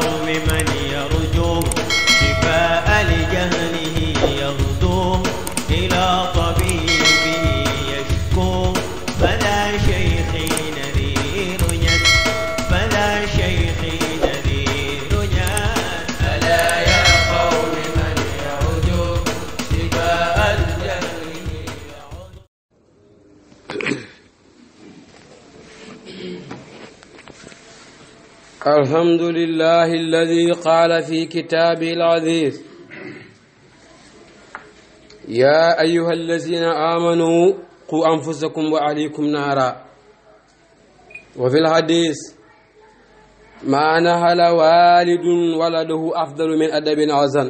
قوم من الحمد لله الذي قال في كتابه العزيز يا أيها الذين آمنوا قوا أنفسكم وعليكم نارا وفي الحديث ما نهل والد ولده أفضل من أدب عزل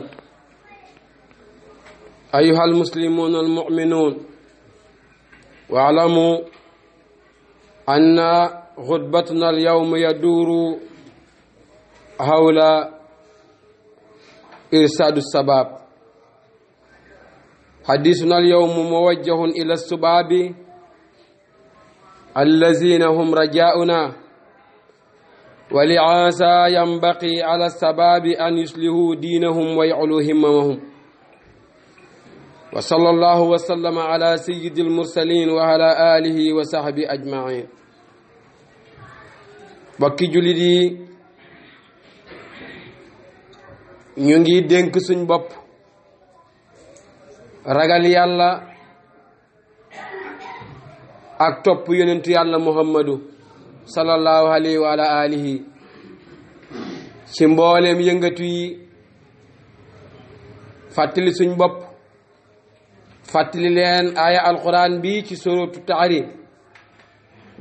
أيها المسلمون المؤمنون واعلموا أن غربتنا اليوم يدور حول إرساد السباب حديثنا اليوم موجه إلى السباب الذين هم رجاؤنا ولعاسى ينبقي على السباب أن يسلهوا دينهم ويعلوا هممهم وصلى الله وسلم على سيد المرسلين وعلى آله وصحبه أجمعين بكي جلدي ñu ngi dénk suñ bopp ragal yàlla ak topp yonentu yàlla muhammadu salallahu alayhi wa ala alihi ci mbooleem yëngatu yi fàttali suñ bopp fàttali leen aaya alquran bi ci sorotu taarif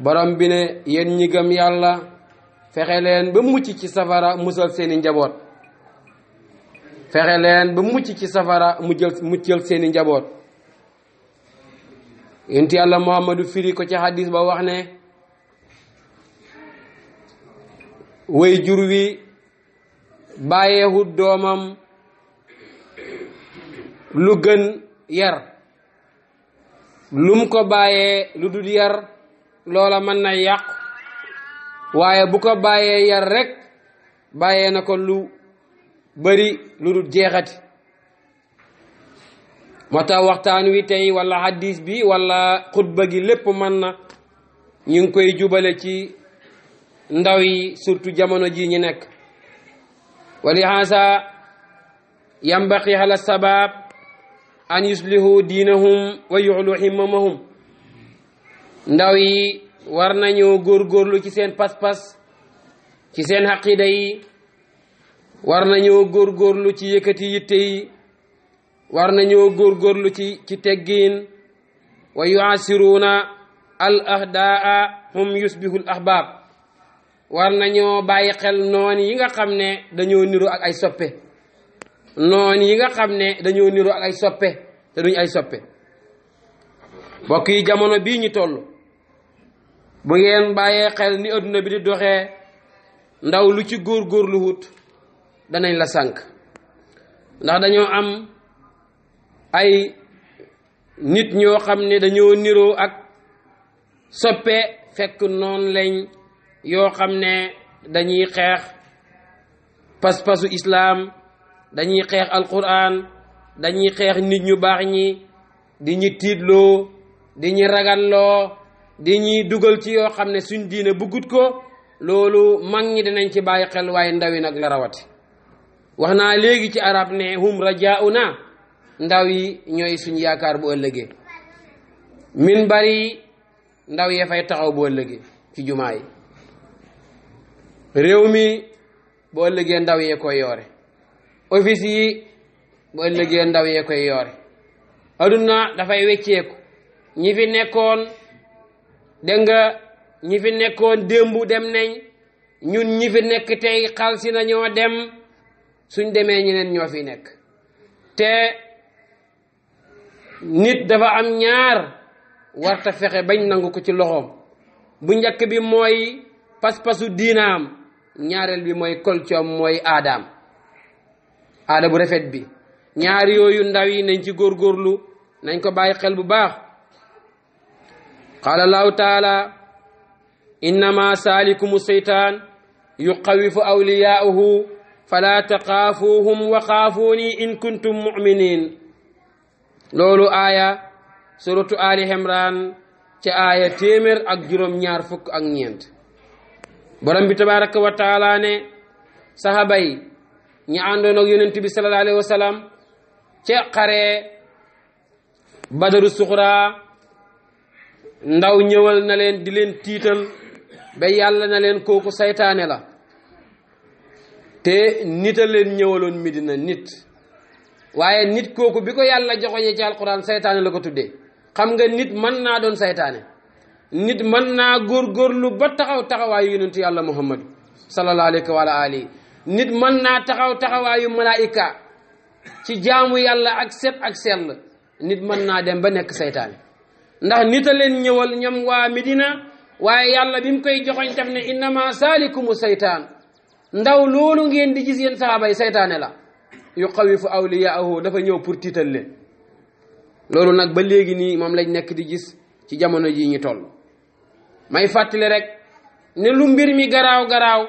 borom bi ne yéen ñi gëm yàlla fexe leen ba mucc ci safara musal seeni njaboot fexe leen ba mucc ci safara mu jël muccal seeni njaboot yonent yàlla muhammadu firi ko ci hadis ba wax ne way jur wi bàyyeewut doomam lu gën yar lum ko bàyyee lu dul yar loola mën na yàqu waaye bu ko bàyyee yar rekk bàyyee na ko lu bëri lu dul jeexati moo tax waxtaan wi tey wala hadis bi wala xutba gi lépp mën na ñu ngi koy jubale ci ndaw yi surtout jamono ji ñu nekk wali haasa yambaxi ala sabab an yuslihu diinahum wa yuxlu himmamahum ndaw yi war nañoo góorgóorlu ci seen pas-pas ci seen xaqida yi war nañoo góorgóorlu ci yëkkati yi yi war nañoo góorgóorlu ci ci teggiin wa yuasiruuna al ahdaa hum yusbihul ahbaab war nañoo bàyyi xel noon yi nga xam ne dañoo niru ak ay soppe noon yi nga xam ne dañoo niru ak soppe te duñ ay soppe mbokk yi jamono bii ñu toll bu ngeen bàyyee xel ni adduna bi di doxee ndaw lu ci góorgóorlu wut danañ la sànk ndax dañoo am ay nit ñoo xam ne dañoo niroo ak soppe fekk noonu lañ yoo xam ne dañuy xeex pas-pasu islaam dañuy xeex alquran dañuy xeex nit ñu baax ñi di ñu tiitloo di ñu ragalloo di ñuy dugal ci yoo xam ne suñ diine bëggut ko loolu mag ñi dinañ ci bàyyi xel waaye ndawi nag la rawati waxna léegi ci arab ne hum rajauna ndaw yi ñooy suñ yaakaar bu ëllëgee min bari ndaw ya fay taxaw bu ëllëgee ci jumaa yi réew mi bu ëllëgee ndaw ya koy yoore office yi bu ëllëgee ndaw ya koy yoore aduna dafay wécceeku ñi fi nekkoon dégg nga ñi fi nekkoon démb dem nañ ñun ñi fi nekk tey xal si nañoo dem suñ demee ñeneen ñoo fi nekk te nit dafa am ñaar warta fexe bañ nangu ko ci loxoom bu njëkk bi mooy pas-pasu diinaam ñaareel bi mooy kolcoom mooy aadaam aada bu rafet bi ñaar yooyu ndaw yi nañ ci góorgóorlu nañ ko bàyyi xel bu baax qaala taala innama saalikum seytaan yuxawifu awliyaahu fala takafuhum wakafuni in kuntum muminin loolu aya surutu ali hemran ci aya temer ak juróom ñaar fukk ak ñeent borom bi tabaraka wa taala ne sahaba yi ñi àndoon ak yonent bi salallah alehi wasalam ca xaree badaru suxra ndaw ñëwal na leen di leen tiital ba yàlla na leen kooku saytaane la te nit a leen ñëwaloon Medina nit waaye nit kooku bi ko yàlla joxoñee ci alquran saytaane la ko tudde xam nga nit mën naa doon saytaane nit mën naa góorgóorlu ba taxaw taxawaayu yonentu yàlla muhammadu sallallahu alayhi wa alihi nit mën naa taxaw taxawaayu malaayika ci jaamu yàlla ak set ak sell nit mën naa dem ba nekk saytaane ndax nit a leen ñëwal ñoom waa Medina waaye yàlla bi mu koy joxoñ def ne innama saalikumu saytaan ndaw loolu ngeen di gis yenn saaba yi saytaane la yuqawifu awliyaahu dafa ñëw pour tiital leen loolu nag ba léegi nii moom lañ nekk di gis ci jamono ji ñu toll may fàttali rek ne lu mbir mi garaaw garaaw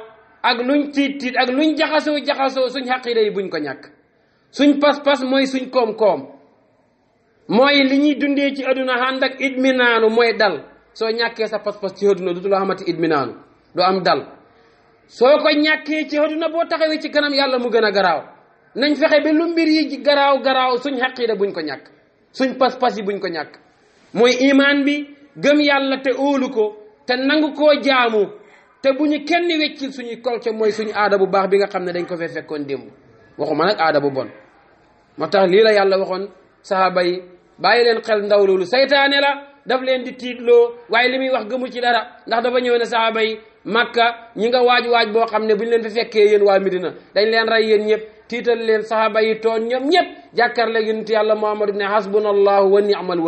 ak luñ tiit tiit ak luñ jaxasoo jaxasoo suñ xaqiida yi buñ ko ñàkk suñ pas-pas mooy suñ koom-koom mooy li ñuy dundee ci aduna xànd ak idminaanu mooy dal soo ñàkkee sa pas-pas ci aduna dutu la amati idminaanu du am dal soo ko ñàkkee ci àdduna boo taxawee ci kanam yàlla mu gën a garaaw nañ fexe ba lu mbir yi garaaw garaaw suñ xaqiida buñ ko ñàkk suñ pas-pas yi buñ ko ñàkk mooy imaan bi gëm yàlla te óolu ko te nangu ko jaamu te bu ñu kenn weccil suñuy culture mooy suñu aada bu baax bi nga xam ne dañ ko fee fekkoon démb waxuma nag aada bu bon moo tax lii la yàlla waxoon sahaba yi bàyyi leen xel ndaw loolu saytaane la daf leen di tiitloo waaye li muy wax gëmu ci dara ndax dafa ñëw ne sahaaba yi makka ñi nga waaj waaj boo xam ne bu ñu leen fi fekkee yéen waa na dañ leen rey yéen ñëpp tiital leen sahaaba yi tooñ ñoom ñëpp jàkkaar la yonent yàlla Muhammad ne hasbunallahu wa ni'mal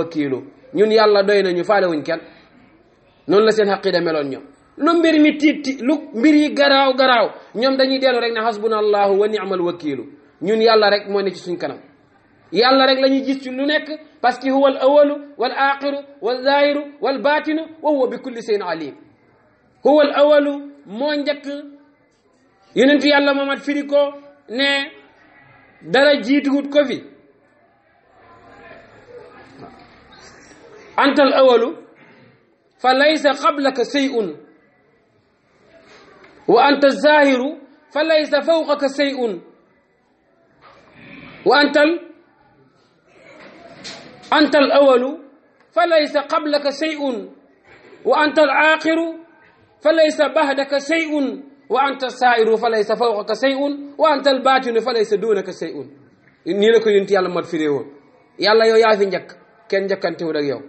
ñun yàlla doy nañu faale wuñ kenn noonu la seen xaqida meloon ñoom lu mbir mi tiitti lu mbir yi garaaw garaaw ñoom dañuy dellu rek ne hasbunallahu wa ni'mal wakiilu ñun yàlla rek moo ne ci suñ kanam yàlla rek la ñuy gis lu nekk باسكي هو الاول والاخر والظاهر والباطن وهو بكل شيء عليم هو الاول مونجك يونت يالله محمد فريكو ني دارا جيتوت كوفي انت الاول فليس قبلك شيء وانت الظاهر فليس فوقك شيء وانت الأول anta al awalu fa laysa qablaka shay'un wa anta al aaxiru fa laysa bahdaka shay'un wa anta saa'iru fa laysa fawqaka shay'un wa anta al baatinu fa laysa duunaka shay'un nii la ko yonent yàlla mat firee woon yàlla yow yaa fi njëkk kenn ak yow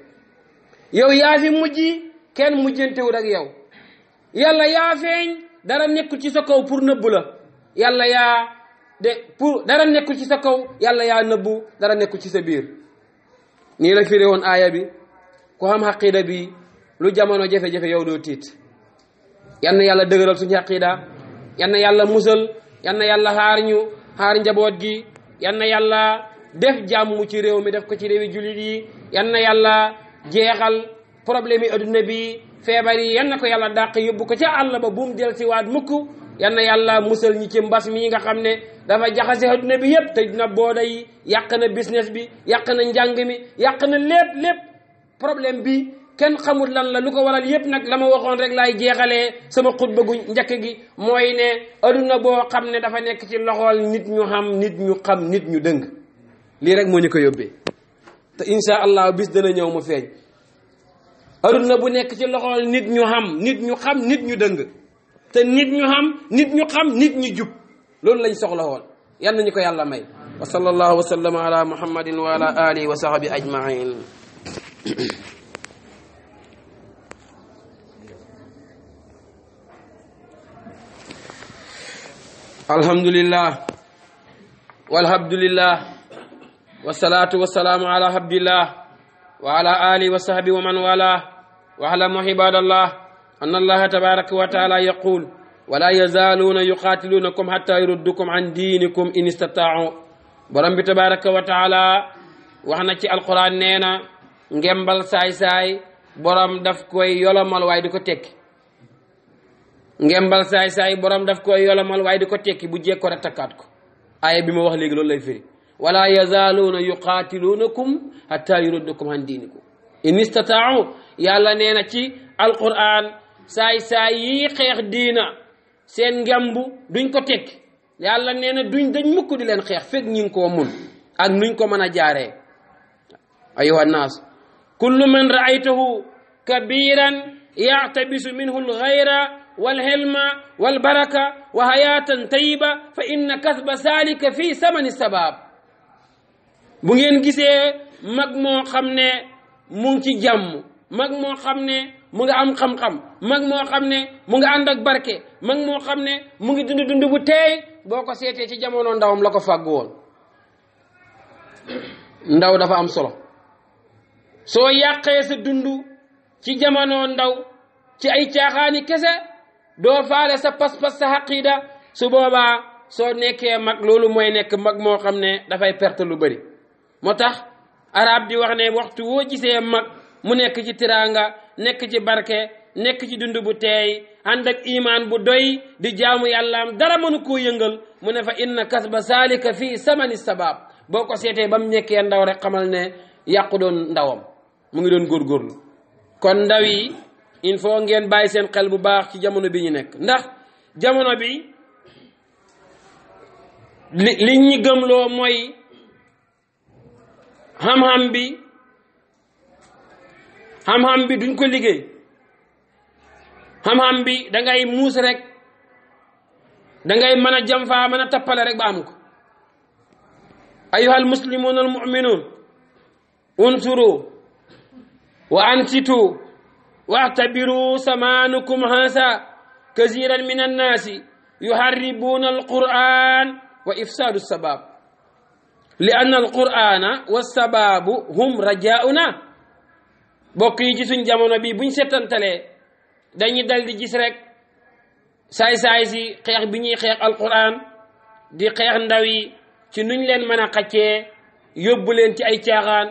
yow yaa fi kenn mujjantewul ak yow yàlla yaa feeñ dara nekkul ci sa kaw pour nëbbu la yàlla yaa de pour dara nekkul ci sa kaw yàlla yaa nëbbu dara nekkul ci sa biir nii la firé woon aaya bi ku xam xaqida bi lu jamono jafe-jafe yow doo tiit yan na yàlla dëgëral suñu xaqida yan na yàlla musal yan na yàlla xaar ñu xaar njaboot gi yan na yàlla def jàmmu ci réew mi def ko ci réewi jullit yi yan na yàlla jeexal problème yi adduna bi feebar yi yan na ko yàlla dàq yóbbu ko ca àll ba buum del si waat mukk yal na yàlla musal ñi ci mbas mii nga xam ne dafa jaxase adduna bi yëpp te na booda yi yàq na business bi yàq na njàng mi yàq na lépp lépp problème bi kenn xamut lan la lu ko waral yëpp nag la ma waxoon rek laay jeexalee sama xutba gu njëkk gi mooy ne adduna boo xam ne dafa nekk ci loxool nit ñu nit ñu xam nit ñu dëng lii rek moo ñu ko yóbbee te insha allah bis dana ñëw mu feeñ adduna bu nekk ci loxool nit ñu xam nit ñu xam nit ñu dëng te nit ñu xam nit ñu xam nit ñu jub loolu lañ soxla woon yal nañu ko yàlla may wa sallallahu wa sallama ala muhammadin wa ala alihi wa sahbi ajmain الحمد لله والحمد لله والصلاة والسلام على عبد الله وعلى آله وصحبه ومن والاه واعلموا عباد الله an allaha tabaraka wa taala yaqul wala yazaaluuna yuqaatiluunakum xatta yuruddukum an diinikum in istataau borom bi tabaraka wa taala wax na ci alquran nee na ngembal saay-saay borom daf koy yolomal waaye di ko tekki ngembal saay-saay borom daf koy yolomal waaye di ko tekki bu jekk ko rek takkaat ko aaya bi ma wax léegi loolu lay firi wala yazaaluuna yuqaatiluunakum xatta yuruddukum an diinikum in istataau yàlla nee ci alquran saay saay yi xeex diina seen ngembu duñ ko tekki yàlla nee na duñ dañ mukk di leen xeex fekk ñi ngi mun ak nuñ ko mën a ayuha nnaas kullu man raaytahu kabiran ya'tabisu minhu al-ghayra والهلم والبركة وحياة طيبة فإن كسب ذلك في ثمن السباب بوغين غيسه ماك مو خامني مونكي جام ماك مو خامني mu ngi am xam-xam mag moo xam ne mu nga ànd ak barke mag moo xam ne mu ngi dund dund bu teey boo ko seetee ci jamono ndawam la ko fàggu woon ndaw dafa am solo soo yàqee sa dund ci jamono ndaw ci ay caaxaani kese doo faale sa pas-pas sa xaqiida su soo nekkee mag loolu mooy nekk mag moo xam ne dafay perte lu bëri moo tax arab di wax ne waxtu woo gisee mag mu nekk ci tiraanga nekk ci barke nekk ci dund bu teey ànd ak imaan bu doy di jaamu yàllaam dara mënu koo yëngal mu ne fa inna ba saalika fii samani sabab boo ko seetee ba mu nekkee ndaw rek xamal ne yàqu doon ndawam mu ngi doon góorgóorlu kon ndaw yi il faut ngeen bàyyi seen xel bu baax ci jamono bi ñu nekk ndax jamono bi li li ñu gëmloo mooy xam-xam bi ham ham bi duñ ko liggé ham ham bi da ngay mous rek da ngay mëna jëm fa mëna tapalé rek ba am ko ayuha al mu'minun unsuru wa ansitu واعتبروا سمانكم هذا كثيرا من الناس يحربون القرآن وإفساد السباب لأن القرآن والسباب هم رجاؤنا bokk yi ci suñ jamono bi buñ settantalee dañuy dal di gis rek saay-saay si xeex bi ñuy xeex alquran di xeex ndaw yi ci nuñ leen mën a xaccee yóbbu leen ci ay caaxaan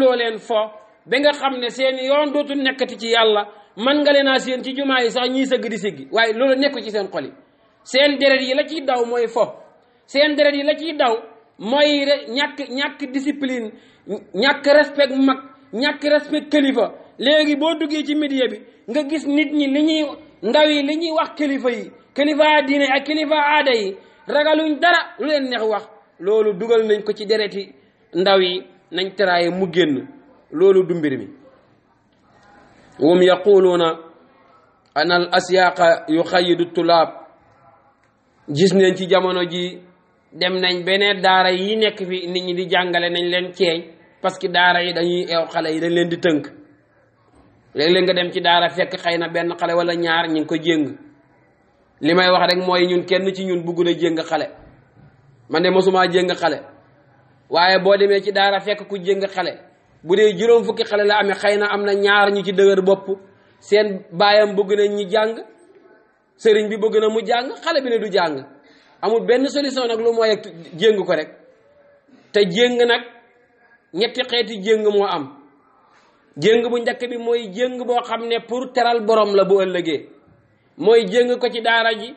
loo leen fo ba nga xam ne seen yoon dootul nekkati ci yàlla man nga leen a seen ci jumaa yi sax ñiy sëgg di siggi waaye loolu nekku ci seen xol yi seen deret yi la ciy daw mooy fo seen deret yi la ciy daw mooy ñàkk ñàkk discipline ñàkk respect mag ñàkk respect kalifa léegi boo duggee ci média bi nga gis nit ñi li ñuy ndaw yi li ñuy wax kalifa yi kalifa diine ak kalifa aada yi ragaluñ dara lu leen neex wax loolu dugal nañ ko ci dereti ndaw yi nañ taraaye mu génn loolu du mbir mi wum yaquluuna an al asyaqa yuxayidu tulaab gis nañ ci jamono ji dem nañ beneen daara yi nekk fi nit ñi di jàngale nañ leen ceeñ parce que daara yi dañuy eew xale yi dañ leen di tënk léeg-léeg nga dem ci daara fekk xëy na benn xale wala ñaar ñi ngi ko jëng li may wax rek mooy ñun kenn ci ñun bëgg na jéng xale man de mosuma jéng xale waaye boo demee ci daara fekk ku jéng xale bu dee juróom fukki xale la amee xëy na am na ñaar ñu ci dëgër bopp seen baayam bëgg nañ ñi jàng sëriñ bi bëgg na mu jàng xale bi ne du jàng amul benn solution nag lu mooy jéng ko rek te jéng nag. ñetti xeeti jëng moo am jéng bu njëkk bi mooy jéng boo xam ne pour teral borom la bu ëllëgee mooy jéng ko ci daara ji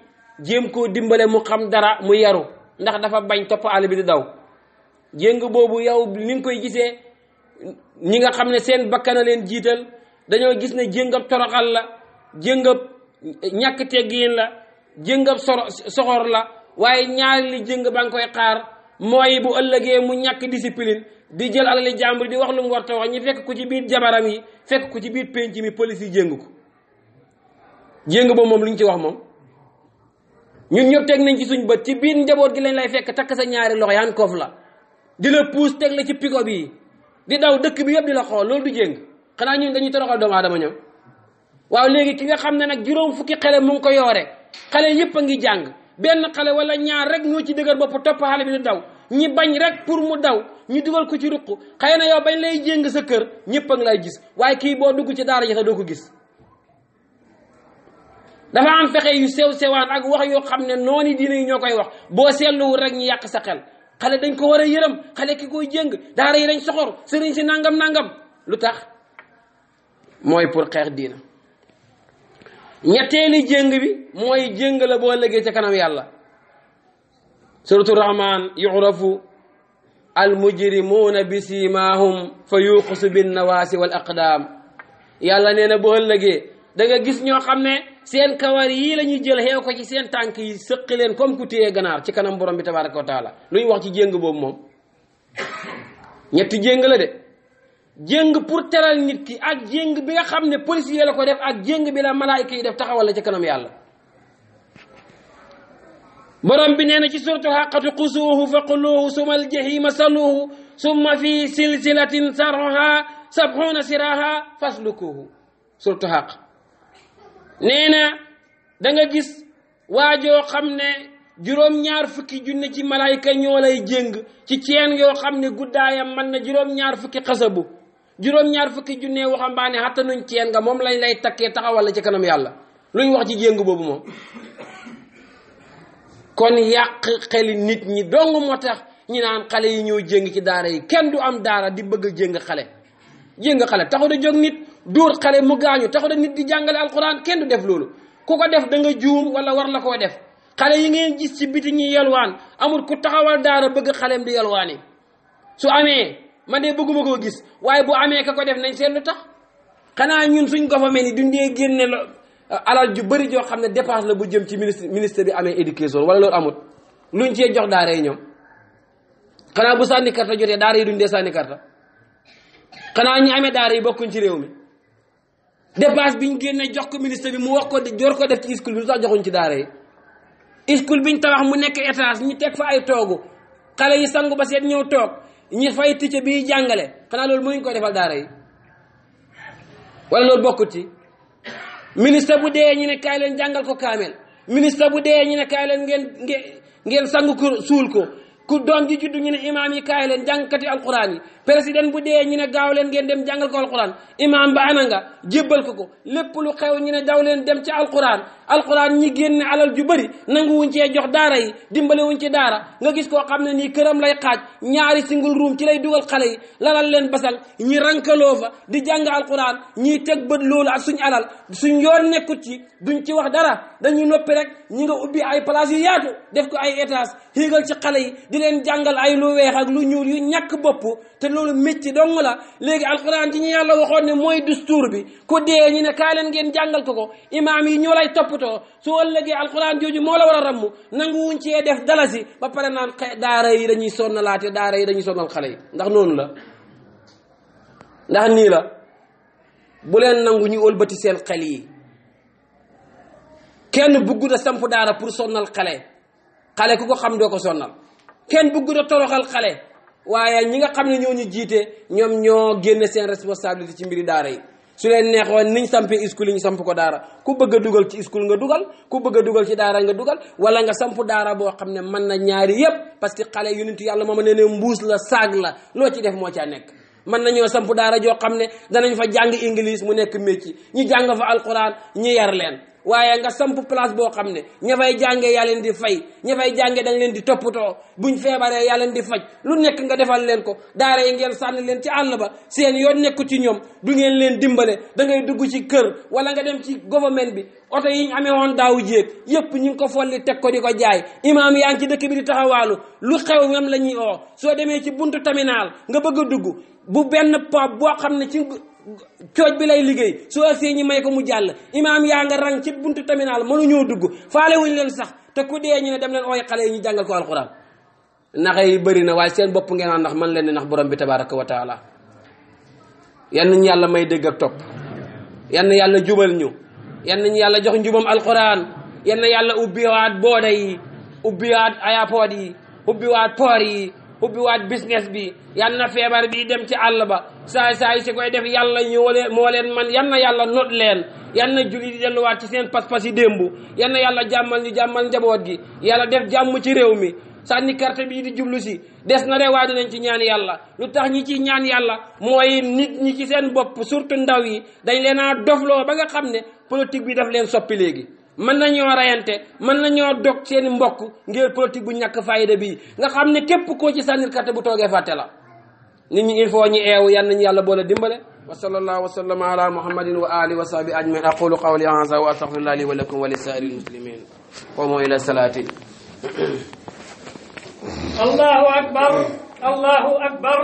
jéem koo dimbale mu xam dara mu yaru ndax dafa bañ topp àll bi di daw jéng boobu yow ni nga koy gisee ñi nga xam ne seen bakkana leen jiital dañoo gis ne jéngab toroxal la jéngab ñàkk teggiin la jéngab soxor la waaye ñaari li jéng ba nga koy xaar mooy bu ëllëgee mu ñàkk discipline di jël alali jàmbur di wax lu mu war ta wax ñi fekk ko ci biir jabaram yi fekk ko ci biir penc mi police yi jéng ko jéng ba moom lu ñu ci wax moom ñun ñëpp teg nañ ci suñ bët ci biir njaboot gi lañ lay fekk takk sa ñaari loxo yaan koof la di la puus teg la ci piko bi di daw dëkk bi yëpp di la xool loolu du jéng xanaa ñun dañuy toroxal doomu aadama ñoom waaw léegi ki nga xam ne nag juróom fukki xale mu ngi ko yoore xale yëpp a ngi jàng benn xale wala ñaar rek ñoo ci dëgër bopp topp xale bi di daw ñi bañ rek pour mu daw ñu dugal ko ci ruq xëy na yow bañ lay jëng sa kër ñëpp a ngi lay gis waaye kii boo dugg ci daara ji sax doo ko gis dafa am yu sew sewaan ak wax yoo xam ne noonu diine yi ñoo koy wax boo seetluwul rek ñu yàq sa xel xale dañ ko war a yërëm xale ki koy jéng daara yi dañ soxor sëriñ si nangam nangam lu tax mooy pour xeex diina ñetteeli jéng bi mooy jéng la boo léggee ca kanam yàlla suratu rahman yurafu almujrimuna bi simahum fa yuqsu binnawasi wal aqdam yàlla nee na boo léggee da nga gis ñoo xam ne seen kawar yii la ñu jël xew ko ci seen tànk yi sëqi leen comme ku téyee ganaar ci kanam borom bi tabaraka wa taala lu ñu wax ci jéng boobu moom ñetti jéng la de jëng pour teral nit ki ak jëng bi nga xam ne policier la ko def ak jëng bi la malaayka yi def taxawal la ca kanam yàlla borom bi nee na ci suratu xaqatu xusuuhu fa quluuhu suma aljahima saluuhu summa fi silsilatin sarha sabxuuna siraha faslukuuhu suratu xaq nee na da nga gis waajoo xam ne juróom-ñaar fukki junne ci malaayka ñoo lay jéng ci ceen yoo xam ne guddaayam man na juróom-ñaar fukki xasabu juróom-ñaar fukki junnee waxambaane xattanuñ ceen nga moom lañ lay takkee taxawal la ci kanam yàlla luñ wax ci jéng boobu moom kon yàq xeli nit ñi dong moo tax ñi naan xale yi ñëw jéng ci daara yi kenn du am daara di bëgg a jéng xale jéng xale taxu da jóg nit dóor xale mu gaañu taxu da nit di jàngale alxuraan kenn du def loolu ku ko def danga nga juum wala war la koo def xale yi ngeen gis ci biti ñi yelwaan amul ku taxawal daara bëgg xalem di yelwaani man de bëgguma koo gis waaye bu amee ka ko def nañ seetlu tax xanaa ñun suñ government yi duñ dee génne la euh, alal ju bëri joo xam ne dépense la bu jëm ci ministre ministre bi amee éducation wala loolu amut luñ cee jox daara yi ñoom xanaa bu sànni karta jotee daara yi duñ dee sànni karta xanaa ñu amee daara yi bokkuñ ci réew mi dépense biñ génne jox ko ministre bi mu wax ko jor ko def ci school bi lu tax joxuñ ci daara yi school biñ tabax mu nekk étage ñu teg fa ay toogu xale yi sangu ba seet ñëw toog ñi fay ticce bi jàngale xanaa loolu mënuñ koy defal daara yi wala loolu bokkut ci ministre bu dee ñu ne kaay leen jàngal ko kaamel ministre bu dee ñu ne kaay leen ngeen ngeen ngeen sangu suul ko ku doom ji juddu ñu ne imaam yi kaay leen jàngkati alquran yi président bu dee ñu ne gaaw leen ngeen dem jàngal ko alquran imaam ba ana nga jébbal ko ko lépp lu xew ñu ne daw leen dem ci alquran alxuraan ñi génn alal ju bëri nangu wuñ cee jox daara yi dimbale wuñ ci daara nga gis koo xam ne nii këram lay xaaj ñaari singul ruum ci lay dugal xale yi lalal leen basal ñi rankaloo fa di jàng alxuraan ñiy teg bët loolu ak alal suñ yoon nekkut ci duñ ci wax dara dañuy noppi rek ñi nga ubbi ay place yu yaatu def ko ay étage xiigal ci xale yi di leen jàngal ay lu weex ak lu ñuul yu ñàkk bopp te loolu métti dong la léegi alxuraan ci ñu yàlla waxoon ne mooy dustuur bi ku dee ñu ne kaa leen ngeen jàngal ko ko imaam yi ñoo lay toppatoo su ëllëgee alquran jooju moo la war a ramm nanguwuñ ci def dalasi ba pare naan daara yi dañuy sonnalaate daara yi dañuy sonnal xale yi ndax noonu la ndax nii la bu leen nangu ñu wëlbati seen xel yi kenn a samp daara pour sonnal xale xale ku ko xam doo ko sonnal kenn a toroxal xale waaye ñi nga xam ne ñoo ñu jiite ñoom ñoo génne seen responsabilité ci mbiri daara yi su leen neexoon niñ sampee iskul yi ñu samp ko daara ku bëgg dugal ci iskul nga dugal ku bëgg a dugal ci daara nga dugal wala nga samp daara boo xam ne mën na ñaari yépp parce que xale yu nitu yàlla mooma nee ne mbuus la saag la loo ci def moo caa nekk mën nañoo samp daara joo xam ne danañ fa jàng english mu nekk métier ñi jàng fa alquran ñi yar leen waaye nga samp place boo xam ne ña fay jàngee yaa leen di fay ña fay jàngee da leen di toppatoo buñ feebaree yaa leen di faj lu nekk nga defal leen ko daara yi ngeen sànni leen ci àll ba seen yoon nekku ci ñoom du ngeen leen dimbale da ngay dugg ci kër wala nga dem ci gouvernement bi oto yi ñu amee woon daaw jéeg yëpp ñu ngi ko folli teg ko di ko jaay imaam yaa ngi ci dëkk bi di taxawaalu lu xew ñoom la ñuy oo soo demee ci bunt terminal nga bëgg dugg bu benn cooj bi lay liggéey su agsee ñi may ko mu jàll imaam yaa nga rang ci buntu terminal mënuñoo dugg faale wuñ leen sax te ku dee ñu ne dem leen ooy xale yi ñu jàngal ko alxuraan naxe yi bëri na waaye seen bopp ngeen naan ndax man leen ne ndax borom bi tabaraka wa taala yan nañ yàlla may dégg ak topp yan na yàlla jubal ñu yan nañ yàlla jox njubam alxuraan yan na yàlla ubbiwaat booda yi ubbiwaat ayapood yi ubbiwaat poor yi ubbi waat business bi yal na feebar bi dem ci àll ba saay saay si koy def yàlla ñoo leen moo leen man yal na yàlla not leen yal na julli di delluwaat ci seen pas-pas yi démb yal yàlla jàmmal ñu jàmmal njaboot gi yàlla def jàmm ci réew mi sànni carte bii di jublu si des na de waaye dinañ ci ñaan yàlla lu tax ñi ci ñaan yàlla mooy nit ñi ci seen bopp surtout ndaw yi dañ leen a dofloo ba nga xam ne politique bi daf leen soppi léegi mën nañoo rayante mën nañoo dog seeni mbokk ngir politique bu ñàkk fayida bii nga xam ne képp koo ci sànnil carte bu toogee fàtte la nit ñi il faut ñu eewu yàl nañu yàlla boole dimbale wa sallallahu wa sallam ala muhammadin wa ali wa sahbi ajmain aqulu qawli hasa wa astaxfirullah li wa lakum wa li sairi lmuslimin qomo ila salati allahu akbar allahu akbar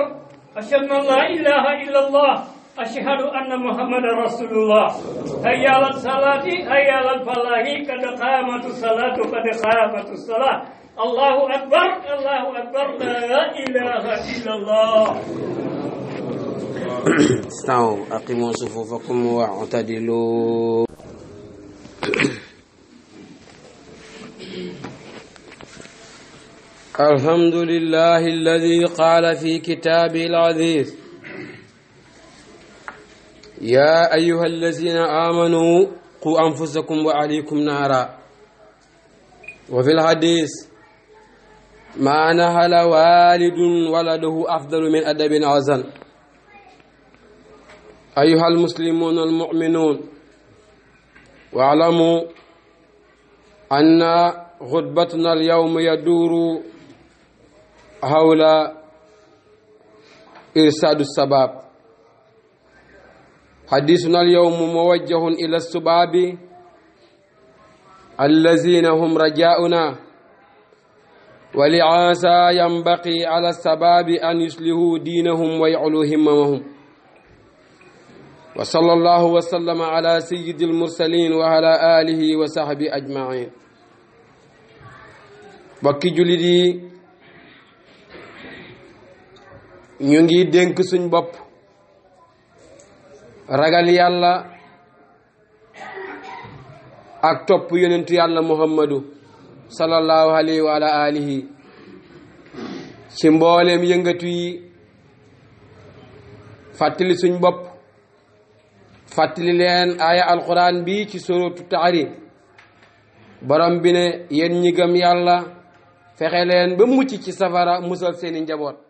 ashadu an la ilaha illa allah أشهد أن محمد رسول الله هيا للصلاة هيا على قد قامت الصلاة قد قامت الصلاة الله أكبر الله أكبر لا إله إلا الله استعوا أقيموا صفوفكم واعتدلوا الحمد لله الذي قال في كتابه العزيز يا أيها الذين آمنوا قوا أنفسكم وعليكم نارا وفي الحديث ما نهل والد ولده أفضل من أدب عزل أيها المسلمون المؤمنون واعلموا أن غربتنا اليوم يدور حول إرساد السباب حديثنا اليوم موجه إلى السباب الذين هم رجاؤنا ولعاسى ينبقي على السباب أن يسلهوا دينهم ويعلوا هممهم وصلى الله وسلم على سيد المرسلين وعلى آله وصحبه أجمعين bakki جلدي yi ñu ngi ragal yàlla ak topp yonentu yàlla muhammadu salallahu alayhi wa ala alihi ci mbooleem yëngatu yi fàttali suñ bopp fàttali leen aaya alquran bi ci sorotu taarif borom bi ne yéen ñi gëm yàlla fexe leen ba mucc ci safara musal seeni njaboot